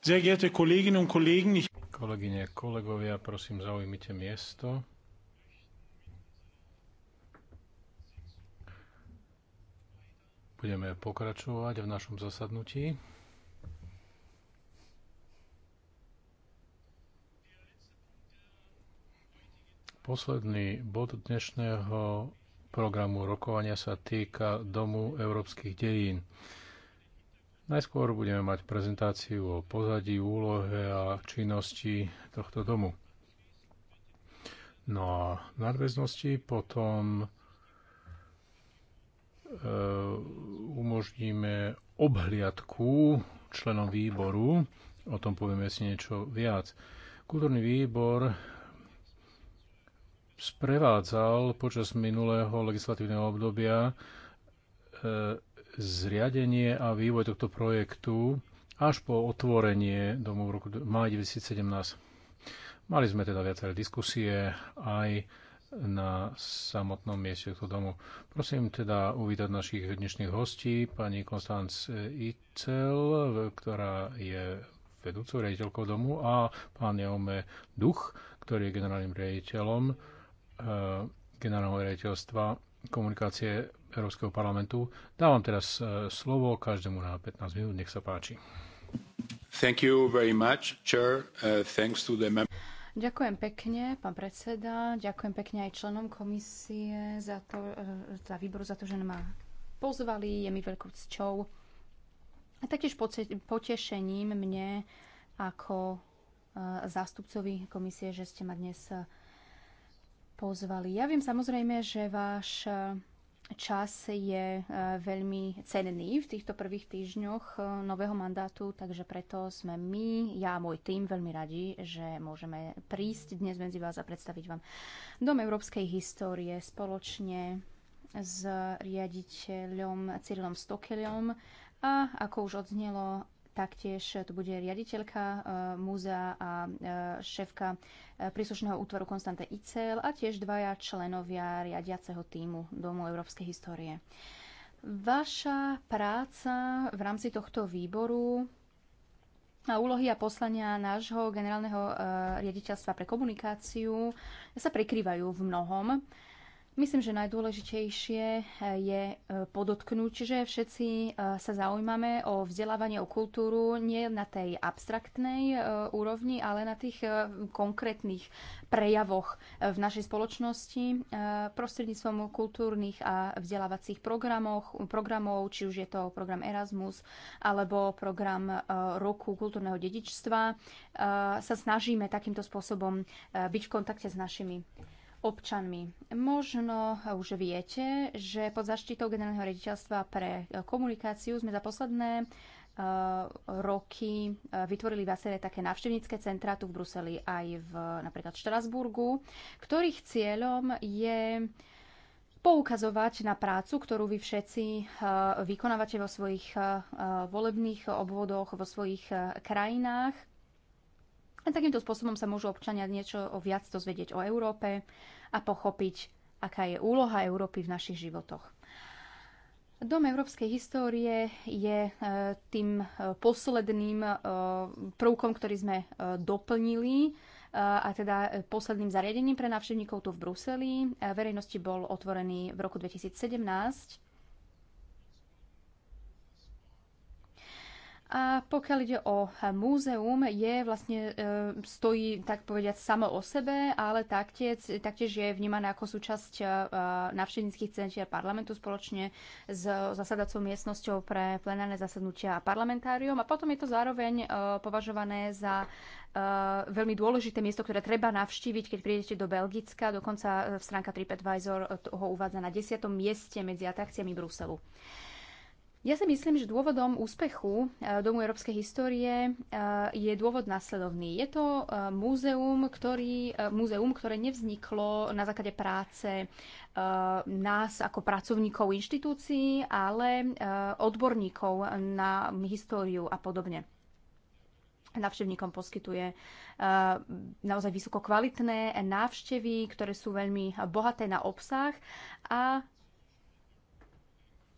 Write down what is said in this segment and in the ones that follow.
Sehr geehrte Kolleginnen und Kollegen, ich Kolegyne, kolegovia, prosím, zaujmite miesto. Budeme pokračovať v našom zasadnutí. Posledný bod dnešného programu rokovania sa týka Domu európskych dejín. Najskôr budeme mať prezentáciu o pozadí, úlohe a činnosti tohto domu. No a v nadväznosti potom e, umožníme obhliadku členom výboru, o tom povieme si niečo viac. Kultúrny výbor sprevádzal počas minulého legislatívneho obdobia e, zriadenie a vývoj tohto projektu až po otvorenie domu v roku maj 2017. Mali sme teda viaceré diskusie aj na samotnom mieste tohto domu. Prosím teda uvítať našich dnešných hostí, pani Konstanc Icel, ktorá je vedúcou riaditeľkou domu a pán Jaume Duch, ktorý je generálnym riaditeľom Eh, generálneho riaditeľstva komunikácie Európskeho parlamentu. Dávam teraz eh, slovo každému na 15 minút, nech sa páči. Thank you very much, Chair. Uh, thanks to the Ďakujem pekne, pán predseda. Ďakujem pekne aj členom komisie za, to, za výboru, za to, že ma pozvali. Je mi veľkou cťou. A taktiež potešením mne ako zástupcovi komisie, že ste ma dnes pozvali. Ja viem samozrejme, že váš e, čas je e, veľmi cenný v týchto prvých týždňoch e, nového mandátu, takže preto sme my, ja a môj tým veľmi radi, že môžeme prísť dnes medzi vás a predstaviť vám Dom európskej histórie spoločne s riaditeľom Cyrilom Stokelom a ako už odznelo Taktiež tu bude riaditeľka e, múzea a e, šéfka e, príslušného útvaru Konstante Icel a tiež dvaja členovia riadiaceho týmu Domu európskej histórie. Vaša práca v rámci tohto výboru a úlohy a poslania nášho generálneho riaditeľstva pre komunikáciu sa prekrývajú v mnohom. Myslím, že najdôležitejšie eh, je eh, podotknúť, že všetci eh, sa zaujímame o vzdelávanie, o kultúru nie na tej abstraktnej úrovni, ale na tých konkrétnych prejavoch v našej spoločnosti prostredníctvom kultúrnych a vzdelávacích programov, programov, či už je to program Erasmus alebo program roku kultúrneho dedičstva. Sa snažíme takýmto spôsobom byť v kontakte s našimi občanmi. Možno už viete, že pod zaštitou generálneho rediteľstva pre e, komunikáciu sme za posledné e, roky e, vytvorili viaceré také návštevnícke centra tu v Bruseli aj v napríklad v Štrasburgu, ktorých cieľom je poukazovať na prácu, ktorú vy všetci vykonávate vo svojich volebných obvodoch, vo svojich krajinách len takýmto spôsobom sa môžu občania niečo o viac dozvedieť o Európe a pochopiť, aká je úloha Európy v našich životoch. Dom európskej histórie je e, tým e, posledným e, prvkom, ktorý sme doplnili a teda posledným zariadením pre návštevníkov tu v Bruseli. Verejnosti bol otvorený v roku 2017 A pokiaľ ide o múzeum, je vlastne, e, stojí tak povediať samo o sebe, ale taktiež, taktiež je vnímané ako súčasť e, navštevníckých centier parlamentu spoločne s zasadacou miestnosťou pre plenárne zasadnutia a parlamentárium. A potom je to zároveň e, považované za veľmi dôležité miesto, ktoré treba navštíviť, keď prídete do Belgicka. Dokonca stránka TripAdvisor ho uvádza na 10. mieste medzi atrakciami Bruselu. Ja si myslím, že dôvodom úspechu e, Domu európskej histórie e, je dôvod následovný. Je to e, múzeum, ktorý, múzeum, ktoré nevzniklo na základe práce nás ako pracovníkov inštitúcií, ale odborníkov na históriu a podobne návštevníkom poskytuje naozaj vysokokvalitné návštevy, ktoré sú veľmi bohaté na obsah a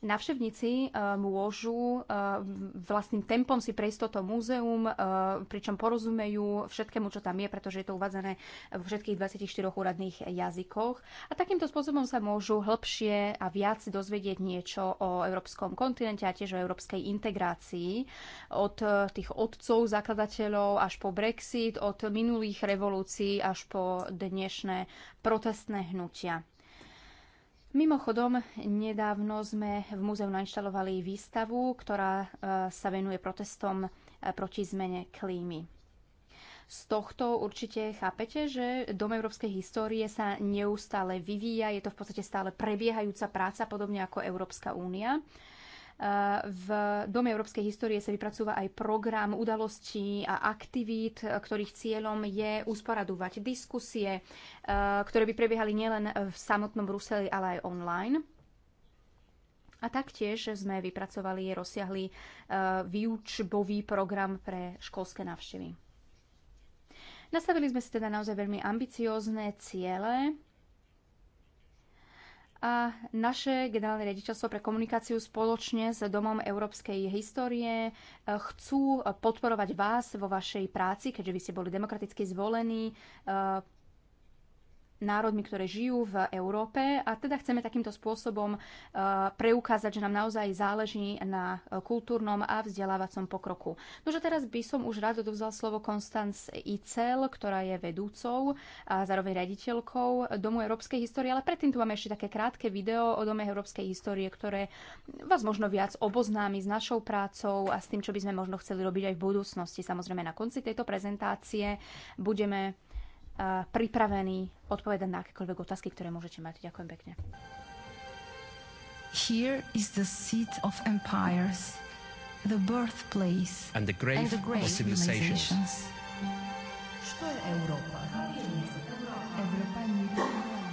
Navštevníci e, môžu e, vlastným tempom si prejsť toto múzeum, e, pričom porozumejú všetkému, čo tam je, pretože je to uvádzané v všetkých 24 úradných jazykoch. A takýmto spôsobom sa môžu hĺbšie a viac dozvedieť niečo o európskom kontinente a tiež o európskej integrácii. Od tých otcov, zakladateľov až po Brexit, od minulých revolúcií až po dnešné protestné hnutia. Mimochodom, nedávno sme v múzeu nainštalovali výstavu, ktorá e, sa venuje protestom e, proti zmene klímy. Z tohto určite chápete, že Dom európskej histórie sa neustále vyvíja, je to v podstate stále prebiehajúca práca, podobne ako Európska únia. V Dome európskej histórie sa vypracúva aj program udalostí a aktivít, ktorých cieľom je usporadovať diskusie, e, ktoré by prebiehali nielen v samotnom Bruseli, ale aj online. A taktiež sme vypracovali rozsiahly e, výučbový program pre školské návštevy. Nastavili sme si teda naozaj veľmi ambiciózne ciele, a naše generálne riaditeľstvo pre komunikáciu spoločne s Domom európskej histórie e, chcú podporovať vás vo vašej práci, keďže vy ste boli demokraticky zvolení e, národmi, ktoré žijú v Európe a teda chceme takýmto spôsobom e, preukázať, že nám naozaj záleží na e, kultúrnom a vzdelávacom pokroku. Nože teraz by som už rád odovzal slovo Konstanc Icel, ktorá je vedúcou a zároveň raditeľkou Domu európskej histórie, ale predtým tu máme ešte také krátke video o Dome európskej histórie, ktoré vás možno viac oboznámi s našou prácou a s tým, čo by sme možno chceli robiť aj v budúcnosti. Samozrejme na konci tejto prezentácie budeme pripravení odpovedať na akékoľvek otázky, ktoré môžete mať. Ďakujem pekne. Here is the seat of empires, the birthplace and the grave, and the grave of civilizations. Čo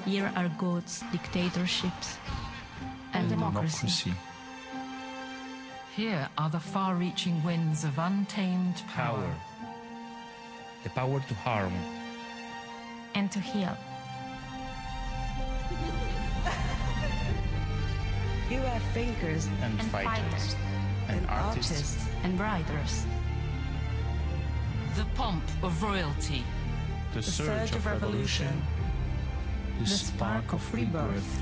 Here are gods, dictatorships and, and democracy. democracy. Here are the far-reaching winds of untamed power. power. The power to harm, and to heal. You are thinkers and, and fighters, fighters, and, and artists, artists and writers. The pomp of royalty, the, the surge, surge, of revolution, revolution the, the spark, of rebirth.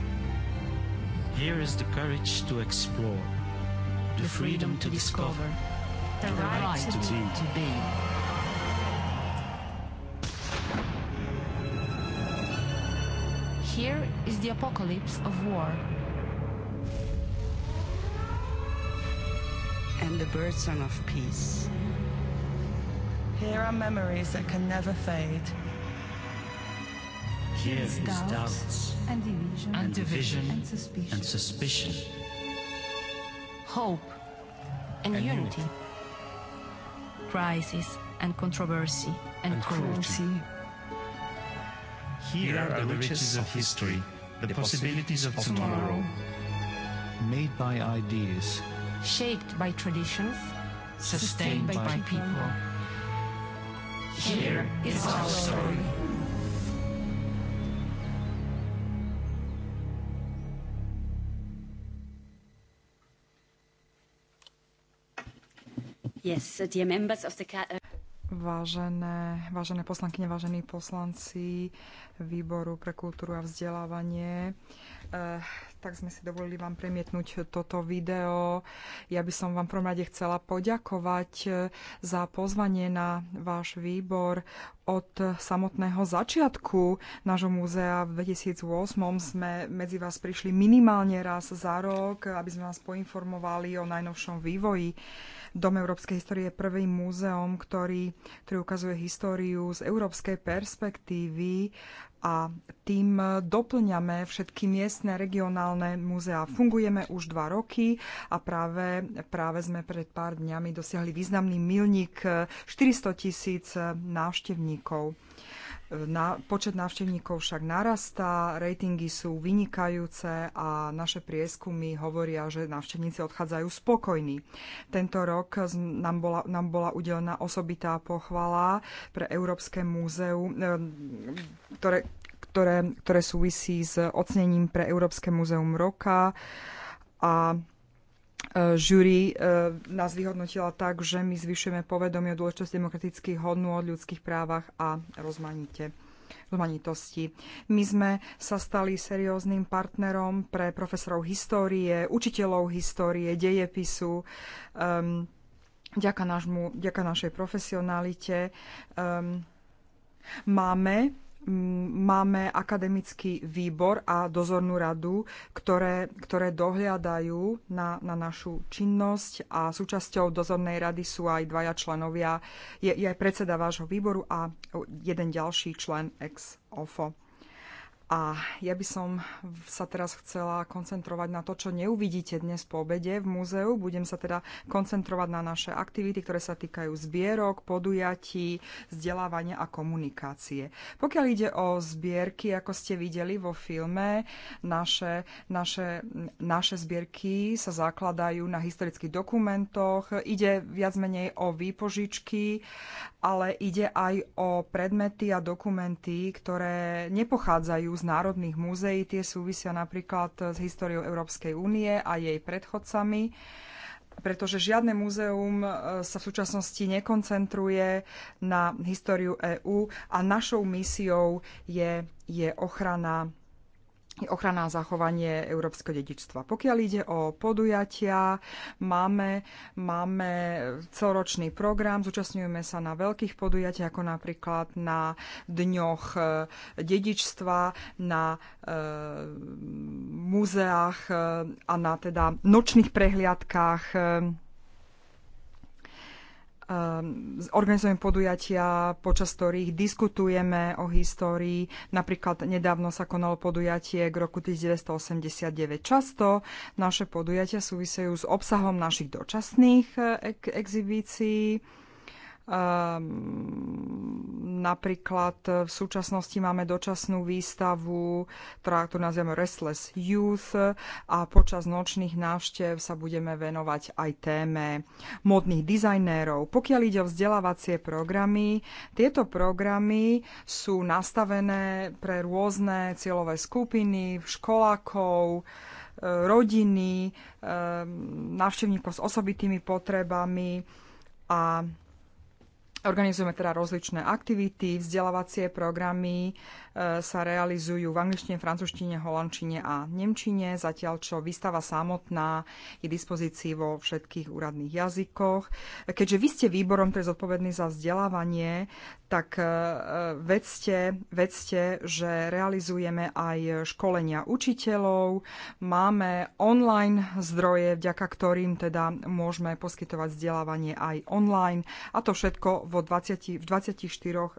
Here is the courage to explore, the, the freedom, freedom, to discover, the, right, right to, to be. To be. is the apocalypse of war. And the birth song of peace. Here are memories that can never fade. Here is doubts, doubts and division and, division and suspicion. And suspicion. Hope and, and unity. Crisis and controversy and, and cruelty. cruelty. Here, Here are are the riches riches of history. history the possibilities of tomorrow. Made by ideas. Shaped by traditions. Sustained, sustained by, by people. Here is our story. Yes, dear members of the Vážené, vážené poslankyne, vážení poslanci výboru pre kultúru a vzdelávanie, eh, tak sme si dovolili vám premietnúť toto video. Ja by som vám v prvom rade chcela poďakovať eh, za pozvanie na váš výbor. Od samotného začiatku nášho múzea v 2008 sme medzi vás prišli minimálne raz za rok, aby sme vás poinformovali o najnovšom vývoji. Dom európskej histórie je prvým múzeum, ktorý, ktorý ukazuje históriu z európskej perspektívy a tým doplňame všetky miestne regionálne múzea. Fungujeme už dva roky a práve, práve sme pred pár dňami dosiahli významný milník 400 tisíc návštevníkov. Na, počet návštevníkov však narastá, rejtingy sú vynikajúce a naše prieskumy hovoria, že návštevníci odchádzajú spokojní. Tento rok nám bola, nám bola udelená osobitá pochvala pre Európske múzeum, e, ktoré, ktoré, ktoré súvisí s ocenením pre Európske múzeum roka a E, žúri e, nás vyhodnotila tak, že my zvyšujeme povedomie o dôležitosti demokratických od ľudských právach a rozmanite rozmanitosti. My sme sa stali serióznym partnerom pre profesorov histórie, učiteľov histórie, dejepisu, um, nášmu, našej profesionalite. Um, máme máme akademický výbor a dozornú radu, ktoré, ktoré dohliadajú na, na našu činnosť a súčasťou dozornej rady sú aj dvaja členovia. Je, je aj predseda vášho výboru a jeden ďalší člen ex OFO. A ja by som sa teraz chcela koncentrovať na to, čo neuvidíte dnes po obede v múzeu. Budem sa teda koncentrovať na naše aktivity, ktoré sa týkajú zbierok, podujatí, vzdelávania a komunikácie. Pokiaľ ide o zbierky, ako ste videli vo filme, naše, naše, naše zbierky sa zakladajú na historických dokumentoch. Ide viac menej o výpožičky ale ide aj o predmety a dokumenty, ktoré nepochádzajú z národných múzeí. Tie súvisia napríklad s históriou Európskej únie a jej predchodcami pretože žiadne múzeum e, sa v súčasnosti nekoncentruje na históriu EÚ a našou misiou je, je ochrana ochrana a zachovanie európskeho dedičstva. Pokiaľ ide o podujatia, máme, máme celoročný program, zúčastňujeme sa na veľkých podujatiach, ako napríklad na dňoch e, dedičstva, na e, múzeách e, a na teda nočných prehliadkách e, Ehm, organizujeme podujatia, počas ktorých diskutujeme o histórii. Napríklad nedávno sa konalo podujatie k roku 1989. Často naše podujatia súvisejú s obsahom našich dočasných eh, exibícií Ehm, napríklad v súčasnosti máme dočasnú výstavu, ktorá tu nazývame Restless Youth a počas nočných návštev sa budeme venovať aj téme modných dizajnérov. Pokiaľ ide o vzdelávacie programy, tieto programy sú nastavené pre rôzne cieľové skupiny, školákov, e, rodiny, e, návštevníkov s osobitými potrebami a Organizujeme teda rozličné aktivity, vzdelávacie programy e, sa realizujú v angličtine, francúzštine, holandčine a nemčine, zatiaľ čo výstava samotná je dispozícii vo všetkých úradných jazykoch. Keďže vy ste výborom, ktorý je zodpovedný za vzdelávanie, tak e, e, vedzte, vedzte, že realizujeme aj školenia učiteľov, máme online zdroje, vďaka ktorým teda môžeme poskytovať vzdelávanie aj online a to všetko v vo 20, v 24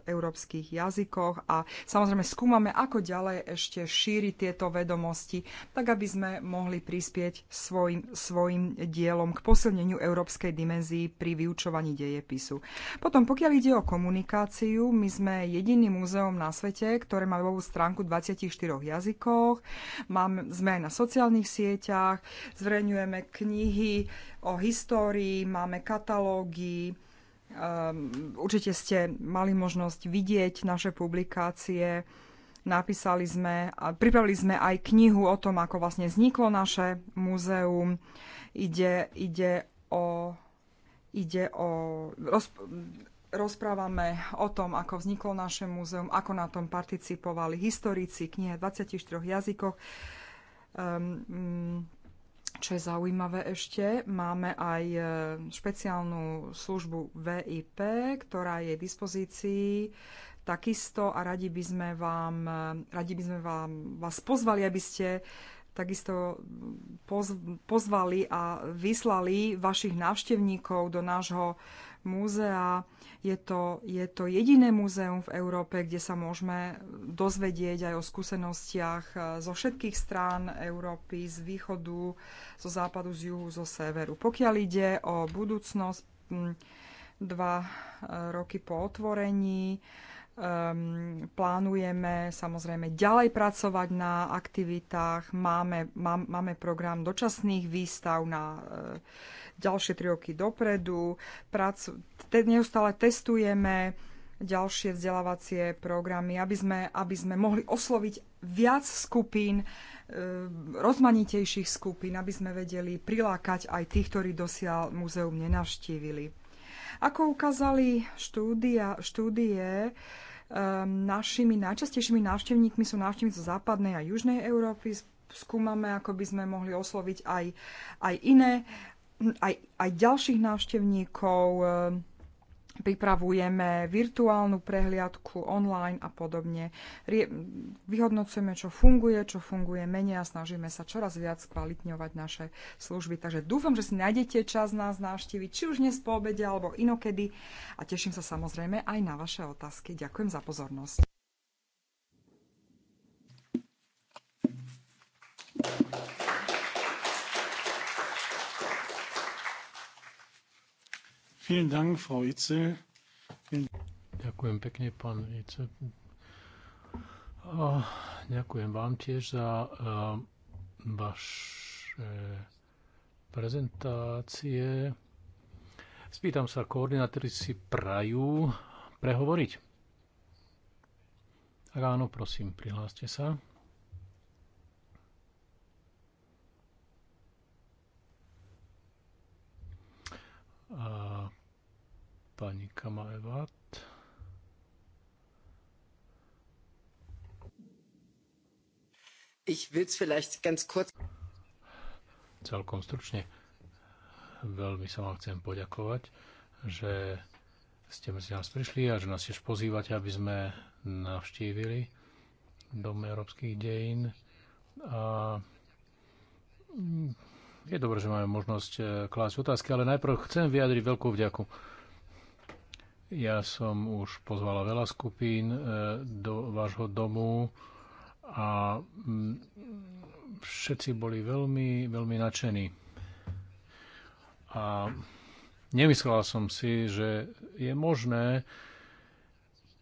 európskych jazykoch a samozrejme skúmame, ako ďalej ešte šíriť tieto vedomosti, tak aby sme mohli prispieť svojim, svojim dielom k posilneniu európskej dimenzii pri vyučovaní dejepisu. Potom, pokiaľ ide o komunikáciu, my sme jediným múzeum na svete, ktoré má webovú stránku 24 jazykoch, máme sme aj na sociálnych sieťach, zverejňujeme knihy o histórii, máme katalógy, Um, určite ste mali možnosť vidieť naše publikácie. Napísali sme a pripravili sme aj knihu o tom, ako vlastne vzniklo naše múzeum. Ide, ide o, ide o rozp- rozprávame o tom, ako vzniklo naše múzeum, ako na tom participovali historici, knihe v 24 jazykoch. Um, um, čo je zaujímavé ešte, máme aj e, špeciálnu službu VIP, ktorá je v dispozícii takisto a radi by sme, vám, e, radi by sme vám, vás pozvali, aby ste takisto pozvali a vyslali vašich návštevníkov do nášho múzea. Je to, je to jediné múzeum v Európe, kde sa môžeme dozvedieť aj o skúsenostiach eh, zo všetkých strán Európy, z východu, zo západu, z juhu, zo severu. Pokiaľ ide o budúcnosť, mm, dva eh, roky po otvorení, Um, plánujeme samozrejme ďalej pracovať na aktivitách, máme, mám, máme program dočasných výstav na uh, ďalšie tri roky dopredu, pracu, te, neustále testujeme ďalšie vzdelávacie programy, aby sme, aby sme mohli osloviť viac skupín, eh, rozmanitejších skupín, aby sme vedeli prilákať aj tých, ktorí dosiaľ múzeum nenavštívili. Ako ukázali štúdia, štúdie, Ehm, našimi najčastejšími návštevníkmi sú návštevníci zo západnej a južnej Európy. Skúmame, ako by sme mohli osloviť aj, aj iné, aj, aj ďalších návštevníkov ehm, pripravujeme virtuálnu prehliadku online a podobne. Vyhodnocujeme, čo funguje, čo funguje menej a snažíme sa čoraz viac kvalitňovať naše služby. Takže dúfam, že si nájdete čas nás navštíviť, či už dnes po obede alebo inokedy. A teším sa samozrejme aj na vaše otázky. Ďakujem za pozornosť. Thank you. Vielen Dank, Frau Itzel. Ďakujem pekne, pán Itzel. ďakujem vám tiež za e, vaše prezentácie. Spýtam sa, koordinátori si prajú prehovoriť? Tak áno, prosím, prihláste sa. A pani Kamaevat. Ich will's vielleicht ganz kurz... Celkom stručne. Veľmi sa vám chcem poďakovať, že ste medzi nás prišli a že nás tiež pozývate, aby sme navštívili Dom európskych dejín. A je dobré, že máme možnosť eh, klásť otázky, ale najprv chcem vyjadriť veľkú vďaku ja som už pozvala veľa skupín eh, do vášho domu a mm, všetci boli veľmi, veľmi nadšení. A nemyslela som si, že je možné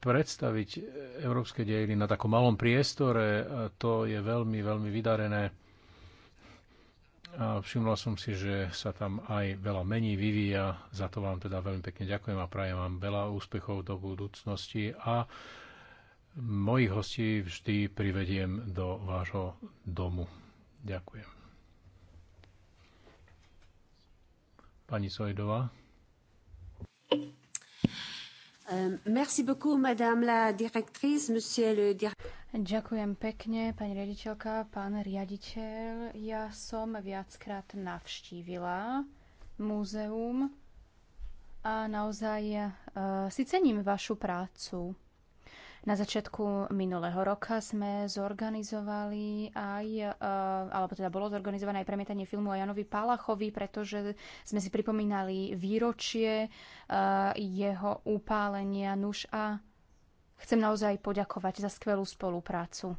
predstaviť európske dejiny na takom malom priestore. A to je veľmi, veľmi vydarené a všimla som si, že sa tam aj veľa mení, vyvíja. Za to vám teda veľmi pekne ďakujem a prajem vám veľa úspechov do budúcnosti a mojich hostí vždy privediem do vášho domu. Ďakujem. Pani Sojdová. Euh, Ďakujem pekne, pani riaditeľka, pán riaditeľ. Ja som viackrát navštívila múzeum a naozaj e, si cením vašu prácu. Na začiatku minulého roka sme zorganizovali aj, e, alebo teda bolo zorganizované aj premietanie filmu o Janovi Palachovi, pretože sme si pripomínali výročie e, jeho upálenia nuž a chcem naozaj poďakovať za skvelú spoluprácu.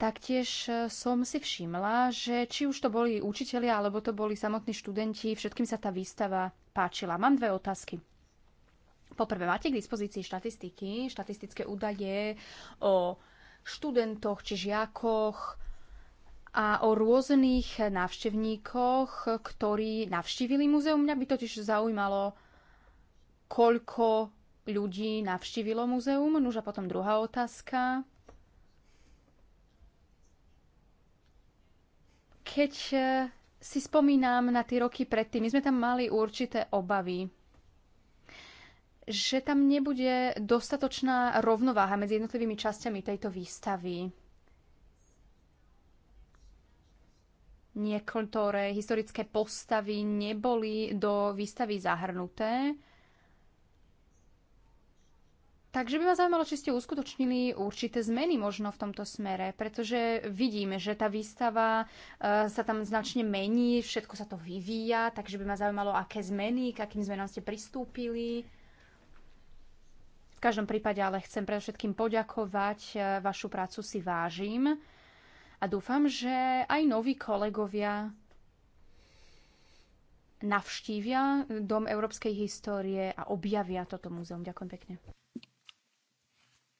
Taktiež e, som si všimla, že či už to boli učitelia, alebo to boli samotní študenti, všetkým sa tá výstava páčila. Mám dve otázky. Poprvé, máte k dispozícii štatistiky, štatistické údaje o študentoch či žiakoch a o rôznych návštevníkoch, ktorí navštívili muzeum. Mňa by totiž zaujímalo, koľko ľudí navštívilo muzeum. Nuž a potom druhá otázka. Keď si spomínam na tie roky predtým, my sme tam mali určité obavy že tam nebude dostatočná rovnováha medzi jednotlivými časťami tejto výstavy. Niektoré historické postavy neboli do výstavy zahrnuté. Takže by ma zaujímalo, či ste uskutočnili určité zmeny možno v tomto smere, pretože vidíme, že tá výstava eh, sa tam značne mení, všetko sa to vyvíja, takže by ma zaujímalo, aké zmeny, k akým zmenám ste pristúpili. V každom prípade ale chcem predovšetkým poďakovať, e, vašu prácu si vážim a dúfam, že aj noví kolegovia navštívia Dom európskej histórie a objavia toto múzeum. Ďakujem pekne.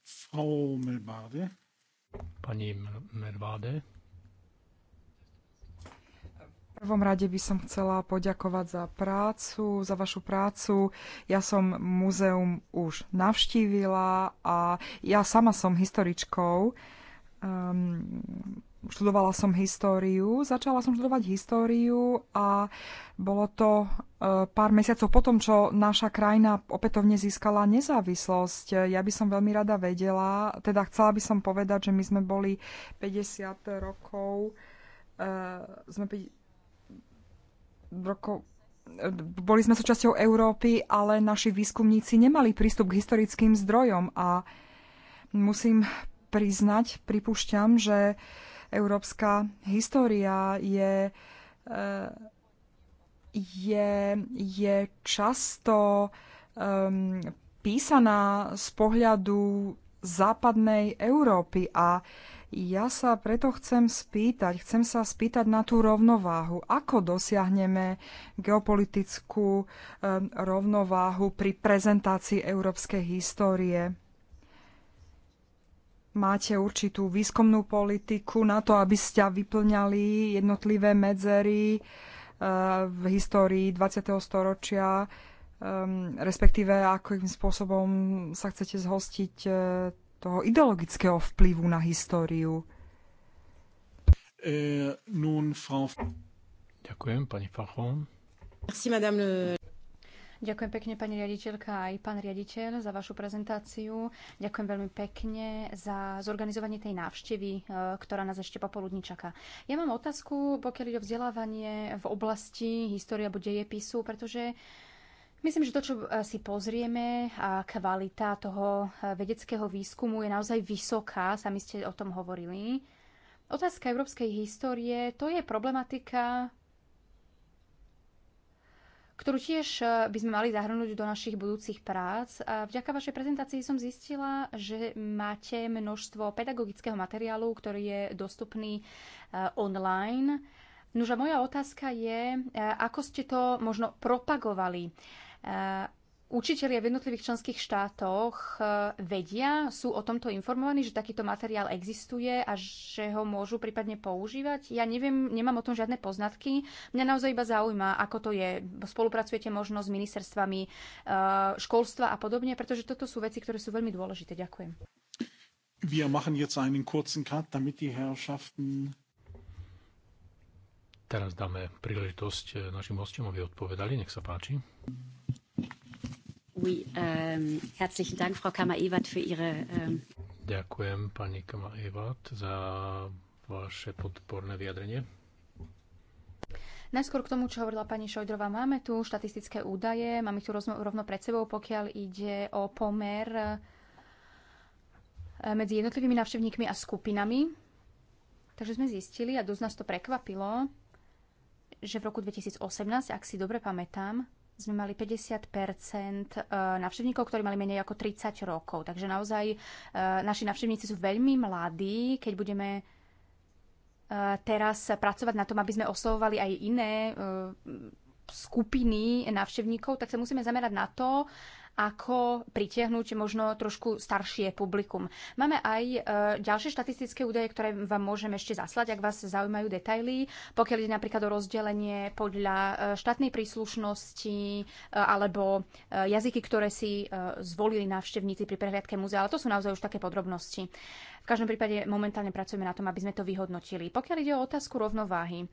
Frau Melbade. Pani Melbade prvom rade by som chcela poďakovať za prácu, za vašu prácu. Ja som múzeum už navštívila a ja sama som historičkou. Um, študovala som históriu, začala som študovať históriu a bolo to e, pár mesiacov potom, čo naša krajina opätovne získala nezávislosť. Ja by som veľmi rada vedela, teda chcela by som povedať, že my sme boli 50 rokov, uh, sme rokov boli sme súčasťou Európy, ale naši výskumníci nemali prístup k historickým zdrojom a musím priznať, pripúšťam, že európska história je, eh, je, je často um, písaná z pohľadu západnej Európy a ja sa preto chcem spýtať, chcem sa spýtať na tú rovnováhu. Ako dosiahneme geopolitickú rovnováhu pri prezentácii európskej histórie? máte určitú výskumnú politiku na to, aby ste vyplňali jednotlivé medzery eh, v histórii 20. storočia, respektíve akým spôsobom sa chcete zhostiť eh, toho ideologického vplyvu na históriu. E, nun, Frau... Ďakujem, pani Fachon. Merci, madame le... Ďakujem pekne pani riaditeľka aj pán riaditeľ za vašu prezentáciu. Ďakujem veľmi pekne za zorganizovanie tej návštevy, eh, ktorá nás ešte popoludní čaká. Ja mám otázku, pokiaľ ide o vzdelávanie v oblasti história alebo dejepisu, pretože Myslím, že to, čo e, si pozrieme, a kvalita toho e, vedeckého výskumu je naozaj vysoká, sami ste o tom hovorili. Otázka európskej histórie, to je problematika, ktorú tiež e, by sme mali zahrnúť do našich budúcich prác. A vďaka vašej prezentácii som zistila, že máte množstvo pedagogického materiálu, ktorý je dostupný online. Nože moja otázka je, ako ste to možno propagovali Eh, učitelia v jednotlivých členských štátoch eh, vedia, sú o tomto informovaní, že takýto materiál existuje a že ho môžu prípadne používať. Ja neviem, nemám o tom žiadne poznatky. Mňa naozaj iba zaujíma, ako to je. Spolupracujete možno s ministerstvami eh, školstva a podobne, pretože toto sú veci, ktoré sú veľmi dôležité. Ďakujem. Wir machen jetzt einen kurzen Cut, damit die Herrschaften Teraz dáme príležitosť e, našim hostom, aby odpovedali. Nech sa páči. Oui, um, herzlichen Dank, Frau Kammer-Ewert, für Ihre... Um... Ďakujem, pani Kammer-Ewert, za vaše podporné vyjadrenie. Najskôr k tomu, čo hovorila pani Šojdrová, máme tu štatistické údaje, máme tu rovno pred sebou, pokiaľ ide o pomer e, medzi jednotlivými návštevníkmi a skupinami. Takže sme zistili, a dosť nás to prekvapilo, že v roku 2018, ak si dobre pamätám, sme mali 50 e, návštevníkov, ktorí mali menej ako 30 rokov. Takže naozaj e, naši navštevníci sú veľmi mladí, keď budeme e, teraz pracovať na tom, aby sme oslovovali aj iné skupiny návštevníkov, tak sa musíme zamerať na to, ako pritiahnuť možno trošku staršie publikum. Máme aj e, ďalšie štatistické údaje, ktoré vám môžem ešte zaslať, ak vás zaujímajú detaily, pokiaľ ide napríklad o rozdelenie podľa e, štátnej príslušnosti e, alebo jazyky, ktoré si zvolili návštevníci pri prehliadke múzea, ale to sú naozaj už také podrobnosti. V každom prípade momentálne pracujeme na tom, aby sme to vyhodnotili. Pokiaľ ide o otázku rovnováhy,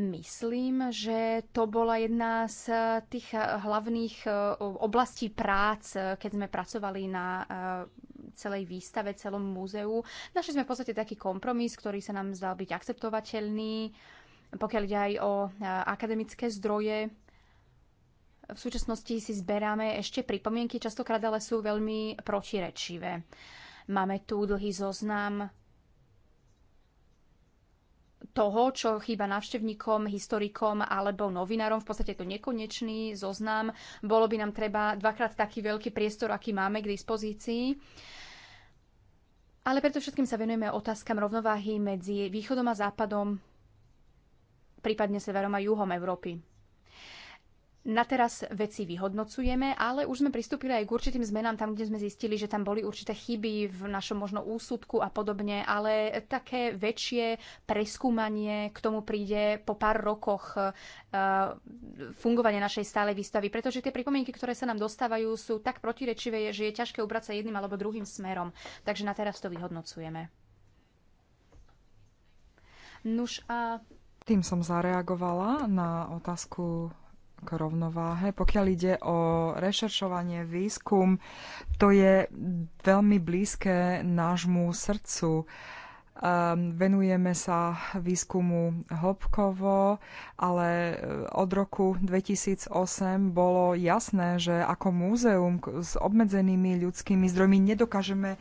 Myslím, že to bola jedna z eh, tých eh, hlavných eh, oblastí prác, keď sme pracovali na celej výstave, celom múzeu. Našli sme v podstate taký kompromis, ktorý sa nám zdal byť akceptovateľný, pokiaľ ide aj o akademické zdroje. V súčasnosti si zberáme ešte pripomienky, častokrát ale sú veľmi protirečivé. Máme tu dlhý zoznam toho, čo chýba návštevníkom, historikom alebo novinárom. V podstate je to nekonečný zoznam. Bolo by nám treba dvakrát taký veľký priestor, aký máme k dispozícii. Ale preto všetkým sa venujeme otázkam rovnováhy medzi východom a západom, prípadne severom a juhom Európy na teraz veci vyhodnocujeme, ale už sme pristúpili aj k určitým zmenám tam, kde sme zistili, že tam boli určité chyby v našom možno úsudku a podobne, ale také väčšie preskúmanie k tomu príde po pár rokoch e, fungovania našej stálej výstavy, pretože tie pripomienky, ktoré sa nám dostávajú, sú tak protirečivé, že je ťažké ubrať sa jedným alebo druhým smerom. Takže na teraz to vyhodnocujeme. Nuž a... Tým som zareagovala na otázku k rovnováhe. Pokiaľ ide o rešeršovanie, výskum, to je veľmi blízke nášmu srdcu. Um, venujeme sa výskumu hĺbkovo, ale e, od roku 2008 bolo jasné, že ako múzeum s obmedzenými ľudskými zdrojmi nedokážeme e,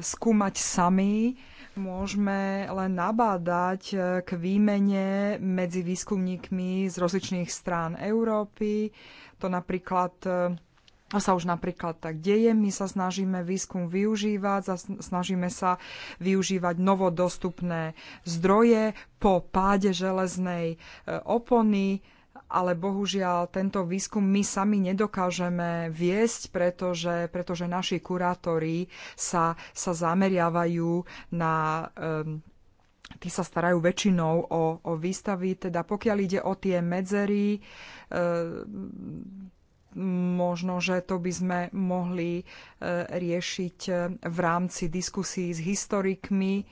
skúmať sami môžeme len nabádať eh, k výmene medzi výskumníkmi z rozličných strán Európy. To napríklad a eh, sa už napríklad tak deje. My sa snažíme výskum využívať, snažíme sa využívať novodostupné zdroje po páde železnej eh, opony ale bohužiaľ tento výskum my sami nedokážeme viesť, pretože, pretože naši kurátori sa, sa zameriavajú na... Um, tí sa starajú väčšinou o, o výstavy. Teda pokiaľ ide o tie medzery, Um, možno, že to by sme mohli eh, riešiť eh, v rámci diskusí s historikmi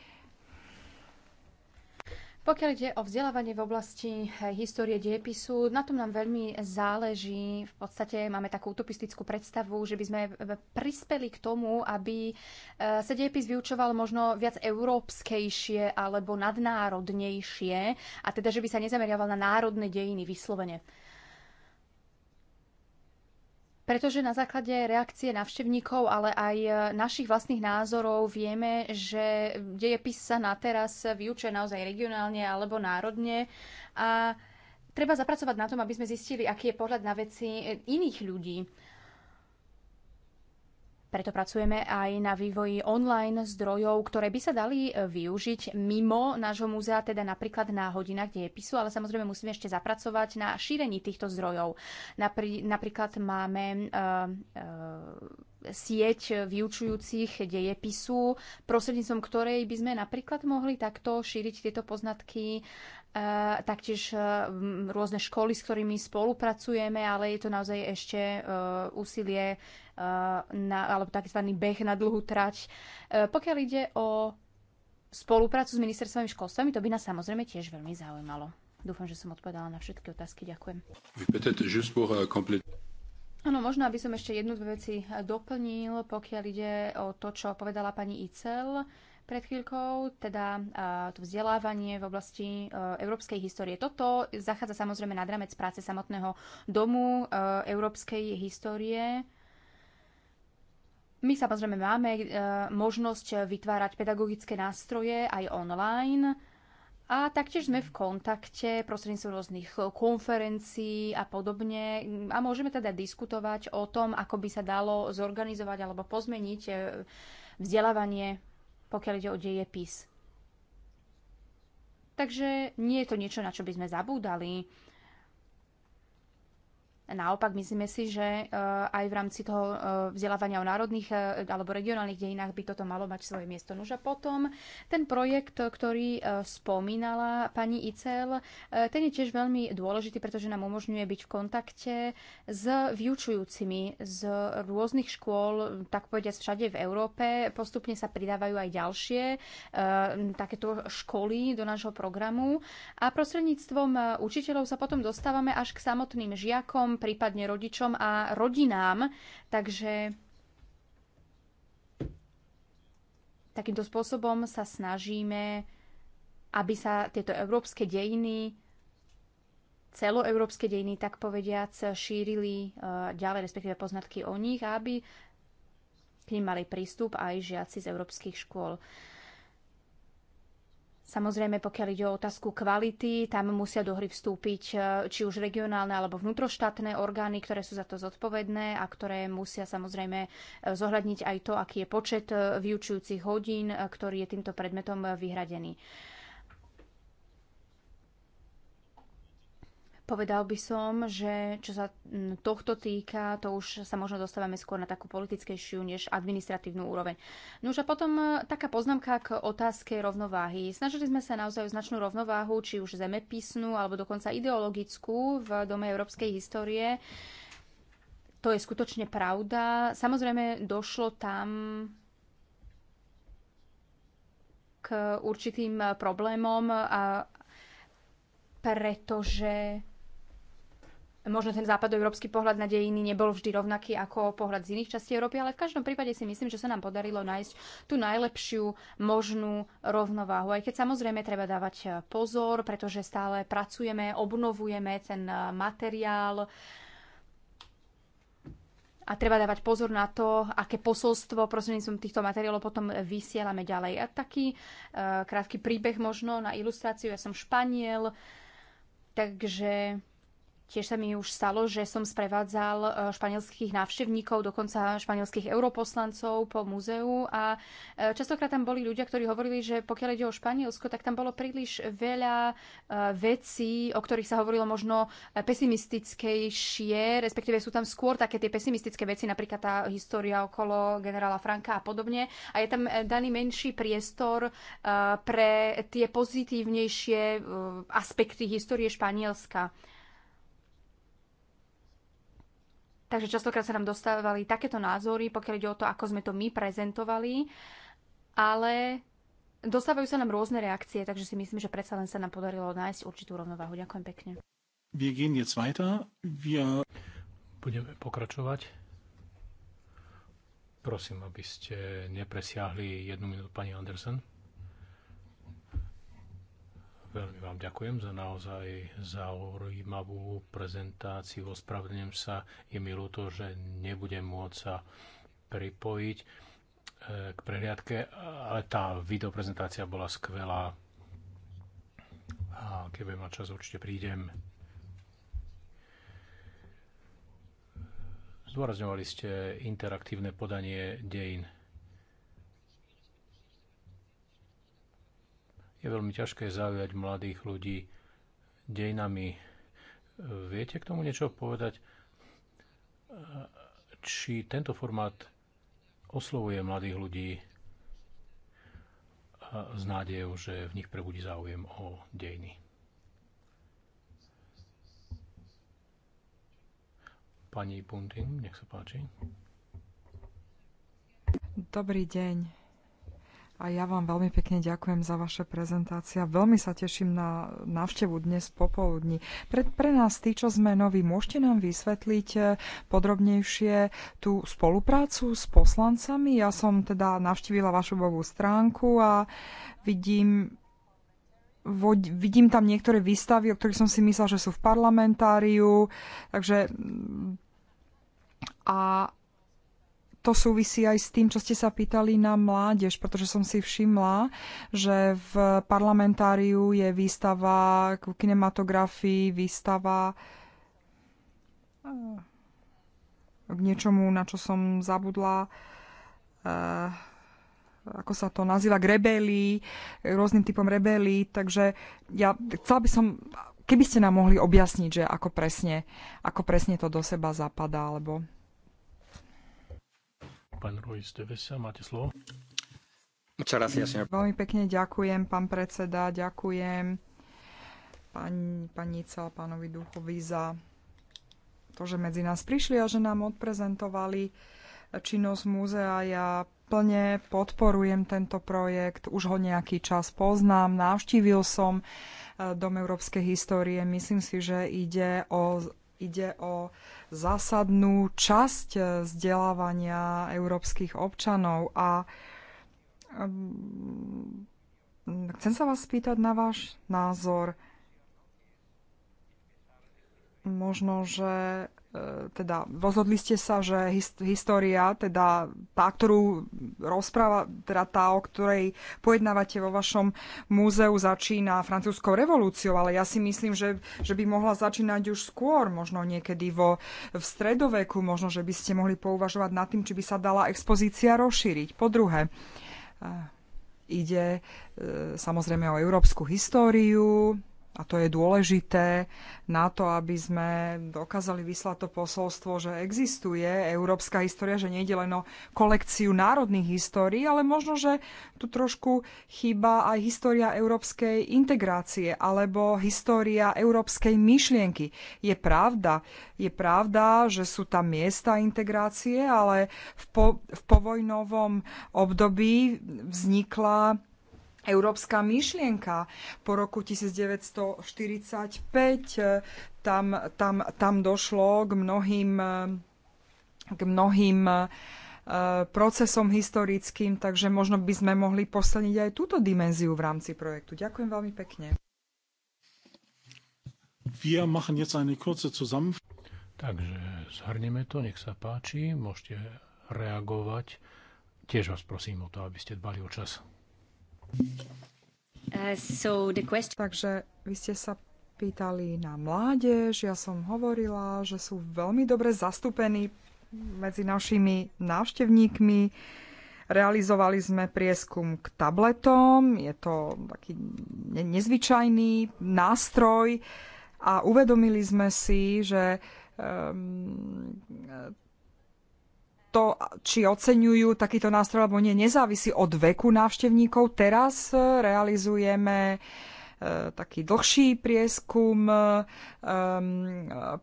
pokiaľ ide o vzdelávanie v oblasti eh, histórie diepisu, na tom nám veľmi záleží. V podstate máme takú utopistickú predstavu, že by sme eh, prispeli k tomu, aby eh, sa diepis vyučoval možno viac európskejšie alebo nadnárodnejšie, a teda, že by sa nezameriaval na národné dejiny vyslovene. Pretože na základe reakcie navštevníkov, ale aj e, našich vlastných názorov vieme, že dejepis sa na teraz vyučuje naozaj regionálne alebo národne a treba zapracovať na tom, aby sme zistili, aký je pohľad na veci e, iných ľudí. Preto pracujeme aj na vývoji online zdrojov, ktoré by sa dali e, využiť mimo nášho múzea, teda napríklad na hodinách dejepisu, ale samozrejme musíme ešte zapracovať na šírení týchto zdrojov. Napri- napríklad máme uh, uh, sieť vyučujúcich dejepisu, prostredníctvom ktorej by sme napríklad mohli takto šíriť tieto poznatky, e, taktiež e, rôzne školy, s ktorými spolupracujeme, ale je to naozaj ešte e, úsilie na, alebo tzv. beh na dlhú trať. Pokiaľ ide o spoluprácu s ministerstvami školstvami, to by nás samozrejme tiež veľmi zaujímalo. Dúfam, že som odpovedala na všetky otázky. Ďakujem. Áno, možno, aby som ešte jednu, dve veci eh, doplnil, pokiaľ ide o to, čo povedala pani Icel pred chvíľkou, teda eh, to vzdelávanie v oblasti eh, európskej histórie. Toto zachádza samozrejme nad rámec práce samotného domu európskej histórie. My samozrejme máme možnosť vytvárať pedagogické nástroje aj online a taktiež sme v kontakte prostredníctvom rôznych konferencií a podobne a môžeme teda diskutovať o tom, ako by sa dalo zorganizovať alebo pozmeniť e, vzdelávanie, pokiaľ ide o dejepis. Takže nie je to niečo, na čo by sme zabúdali. Naopak, myslíme si, že eh, aj v rámci toho eh, vzdelávania o národných eh, alebo regionálnych dejinách by toto malo mať svoje miesto. Nož a potom ten projekt, ktorý spomínala pani Icel, ten je tiež veľmi dôležitý, pretože nám umožňuje byť v kontakte s vyučujúcimi z rôznych škôl, tak povediať všade v Európe. Postupne sa pridávajú aj ďalšie takéto školy do nášho programu a prostredníctvom učiteľov sa potom dostávame až k samotným žiakom, deťom, prípadne rodičom a rodinám. Takže takýmto spôsobom sa snažíme, aby sa tieto európske dejiny celoeurópske dejiny, tak povediac, šírili e, ďalej, respektíve poznatky o nich, aby k ním mali prístup aj žiaci z európskych škôl. Samozrejme, pokiaľ ide o otázku kvality, tam musia do hry vstúpiť e, či už regionálne alebo vnútroštátne orgány, ktoré sú za to zodpovedné a ktoré musia samozrejme e, zohľadniť aj to, aký je počet e, vyučujúcich hodín, ktorý je týmto predmetom vyhradený. Povedal by som, že čo sa tohto týka, to už sa možno dostávame skôr na takú politickejšiu než administratívnu úroveň. No už a potom e, taká poznámka k otázke rovnováhy. Snažili sme sa naozaj o značnú rovnováhu, či už zemepisnú, alebo dokonca ideologickú v Dome európskej histórie. To je skutočne pravda. Samozrejme, došlo tam k určitým problémom, a pretože možno ten západoeurópsky pohľad na dejiny nebol vždy rovnaký ako pohľad z iných častí Európy, ale v každom prípade si myslím, že sa nám podarilo nájsť tú najlepšiu možnú rovnováhu. Aj keď samozrejme treba dávať eh, pozor, pretože stále pracujeme, obnovujeme ten eh, materiál, a treba dávať pozor na to, aké posolstvo prostredníctvom týchto materiálov potom vysielame ďalej. A taký eh, krátky príbeh možno na ilustráciu. Ja som Španiel, takže Tiež sa mi už stalo, že som sprevádzal e, španielských návštevníkov, dokonca španielských europoslancov po múzeu a e, častokrát tam boli ľudia, ktorí hovorili, že pokiaľ ide o Španielsko, tak tam bolo príliš veľa e, vecí, o ktorých sa hovorilo možno pesimistickejšie, respektíve sú tam skôr také tie pesimistické veci, napríklad tá história okolo generála Franka a podobne. A je tam daný menší priestor pre tie pozitívnejšie aspekty histórie Španielska. Takže častokrát sa nám dostávali takéto názory, pokiaľ ide o to, ako sme to my prezentovali, ale dostávajú sa nám rôzne reakcie, takže si myslím, že predsa len sa nám podarilo nájsť určitú rovnováhu. Ďakujem pekne. Wir gehen jetzt weiter. Wir... Budeme pokračovať. Prosím, aby ste nepresiahli jednu minútu pani Andersen. Veľmi vám ďakujem za naozaj zaujímavú prezentáciu. Ospravedlňujem sa, je mi ľúto, že nebudem môcť sa pripojiť eh, k prehliadke, ale tá videoprezentácia bola skvelá. A keď budem mať čas, určite prídem. Zdôrazňovali ste interaktívne podanie dejín. je veľmi ťažké zaujať mladých ľudí dejinami. Viete k tomu niečo povedať? Či tento formát oslovuje mladých ľudí s nádejou, že v nich prebudí záujem o dejiny? Pani Bunting, nech sa páči. Dobrý deň. A ja vám veľmi pekne ďakujem za vaše prezentácia. Veľmi sa teším na návštevu dnes popoludní. Pre, pre nás, tí, čo sme noví, môžete nám vysvetliť eh, podrobnejšie tú spoluprácu s poslancami? Ja som teda navštívila vašu webovú stránku a vidím, vo, vidím tam niektoré výstavy, o ktorých som si myslela, že sú v parlamentáriu. Takže mm, a to súvisí aj s tým, čo ste sa pýtali na mládež, pretože som si všimla, že v parlamentáriu je výstava k kinematografii, výstava eh, k niečomu, na čo som zabudla eh, ako sa to nazýva, k rebelii, rôznym typom rebelii. Takže ja chcela by som, keby ste nám mohli objasniť, že ako presne, ako presne to do seba zapadá, alebo Pán Ruiz de Vesa, máte slovo. Veľmi pekne ďakujem, pán predseda, ďakujem pani, pani a pánovi Duchovi za to, že medzi nás prišli a že nám odprezentovali činnosť múzea. Ja plne podporujem tento projekt, už ho nejaký čas poznám, navštívil som eh, Dom európskej histórie. Myslím si, že ide o, ide o zásadnú časť eh, vzdelávania európskych občanov a mm, chcem sa vás spýtať na váš názor. Možno, že E, teda rozhodli ste sa, že hist- história, teda tá, ktorú rozpráva, teda tá, o ktorej pojednávate vo vašom múzeu, začína francúzskou revolúciou, ale ja si myslím, že, že by mohla začínať už skôr, možno niekedy vo, v stredoveku, možno, že by ste mohli pouvažovať nad tým, či by sa dala expozícia rozšíriť. Po druhé, e, ide e, samozrejme o európsku históriu, a to je dôležité na to, aby sme dokázali vyslať to posolstvo, že existuje európska história, že nejde len o kolekciu národných histórií, ale možno, že tu trošku chýba aj história európskej integrácie alebo história európskej myšlienky. Je pravda, je pravda, že sú tam miesta integrácie, ale v, po, v povojnovom období vznikla Európska myšlienka po roku 1945, eh, tam, tam, tam došlo k mnohým, eh, k mnohým eh, procesom historickým, takže možno by sme mohli posilniť aj túto dimenziu v rámci projektu. Ďakujem veľmi pekne. Wir machen jetzt eine kurze zusammen... Takže zhrnieme to, nech sa páči, môžete reagovať. Tiež vás prosím o to, aby ste dbali o čas. Uh, Takže vy ste sa pýtali na mládež, ja som hovorila, že sú veľmi dobre zastúpení medzi našimi návštevníkmi. Realizovali sme prieskum k tabletom, je to taký nezvyčajný nástroj a uvedomili sme si, že um, to, či oceňujú takýto nástroj alebo nie, nezávisí od veku návštevníkov. Teraz e, realizujeme e, taký dlhší prieskum, um,